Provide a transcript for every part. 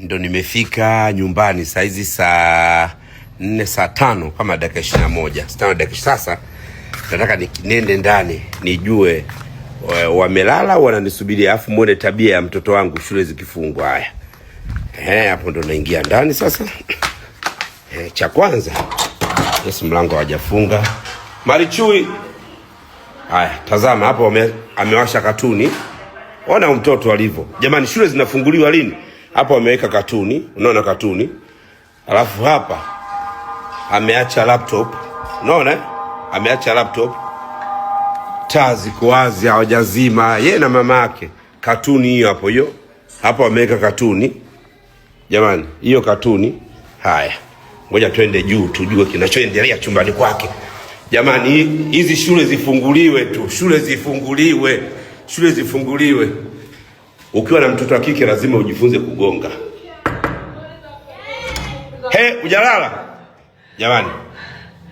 ndo nimefika nyumbani sahizi saa nne saa tano kama dakika ishirini na moja tano dakika. Sasa nataka nende ndani nijue eh, wamelala wananisubiri, alafu mwone tabia ya mtoto wangu shule zikifungwa. Haya, hapo ndo naingia ndani sasa. He, eh, cha kwanza yes, mlango hawajafunga Marichui. Haya, tazama hapo, amewasha katuni. Ona mtoto alivyo jamani, shule zinafunguliwa lini? hapa wameweka katuni, unaona katuni, alafu hapa ameacha laptop, unaona ameacha laptop, taa ziko wazi, hawajazima ye na mama yake. Katuni hiyo hapo, hiyo hapa wameweka katuni. Jamani, hiyo katuni. Haya, ngoja twende juu tujue kinachoendelea chumbani kwake. Jamani, hizi shule zifunguliwe tu, shule zifunguliwe, shule zifunguliwe. Ukiwa na mtoto wa kike lazima ujifunze kugonga. He, ujalala jamani,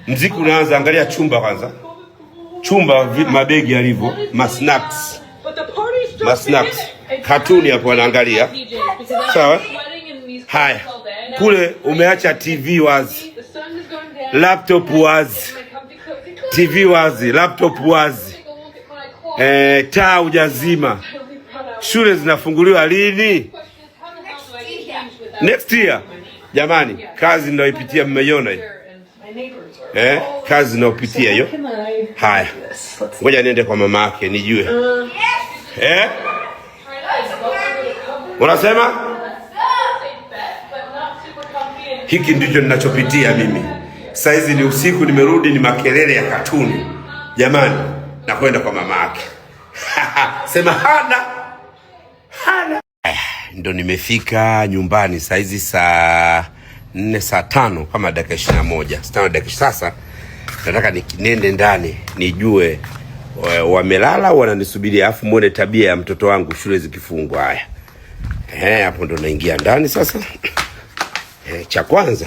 mziki unaanza. Angalia chumba kwanza, chumba mabegi yalivyo, masnacks masnacks, katuni hapo wanaangalia. Sawa, haya, kule umeacha TV wazi, laptop wazi, TV wazi, laptop wazi, eh, taa ujazima shule zinafunguliwa lini? Next year. Jamani, kazi ninayoipitia mmeiona hiyo eh? Kazi ninayopitia hiyo. Haya, ngoja niende kwa mama yake nijue eh? Unasema hiki ndicho ninachopitia mimi. Saizi ni usiku, nimerudi, ni makelele ya katuni jamani, nakwenda kwa mama yake. Sema hana sana. Eh, ndo nimefika nyumbani saa hizi saa nne saa tano kama dakika ishirini na moja saa dakika sasa. Nataka nende ndani nijue eh, wamelala wananisubiria alafu mwone tabia ya mtoto wangu shule zikifungwa. Haya, eh, hapo ndo naingia ndani sasa. Eh, cha kwanza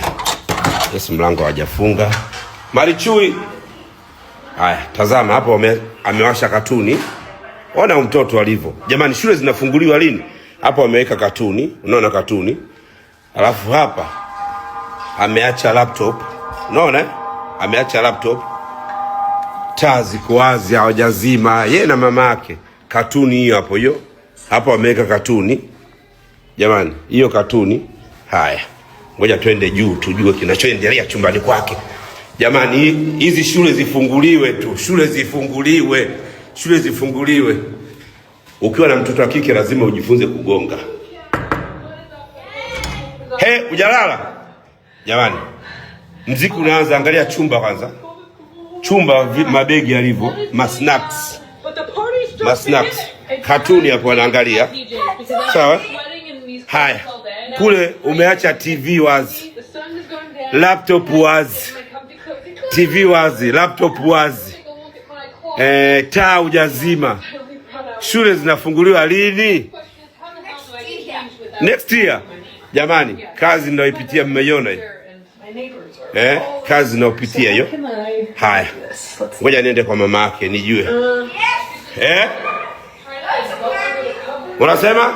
Yes, mlango hawajafunga. Marichui. Haya, tazama hapo amewasha katuni. Ona mtoto alivyo. Jamani, shule zinafunguliwa lini? Hapa wameweka katuni, unaona katuni. Alafu hapa ameacha laptop. Unaona? Eh? Ameacha laptop. Taa ziko wazi hawajazima. Yeye na mama yake. Katuni hiyo hapo hiyo. Hapa wameweka katuni. Jamani, hiyo katuni. Haya. Ngoja twende juu tujue kinachoendelea chumbani kwake. Jamani, hizi shule zifunguliwe tu. Shule zifunguliwe shule zifunguliwe. Ukiwa na mtoto wa kike lazima ujifunze kugonga. He, ujalala jamani, mziki unaanza. Angalia chumba kwanza, chumba mabegi yalivyo, masnacks masnacks, katuni hapo wanaangalia. Sawa, haya kule umeacha TV wazi, laptop wazi, TV wazi, laptop wazi E, taa ujazima shule zinafunguliwa lini? Next year. Jamani, kazi ninayoipitia mmeiona hiyo eh? Kazi ninayopitia hiyo. Haya, ngoja niende kwa mama yake nijue eh? Unasema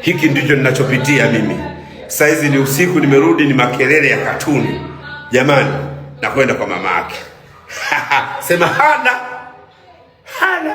hiki ndicho ninachopitia mimi. Saizi ni usiku, nimerudi, ni makelele ya katuni jamani na kwenda kwa mama yake. Sema hana hana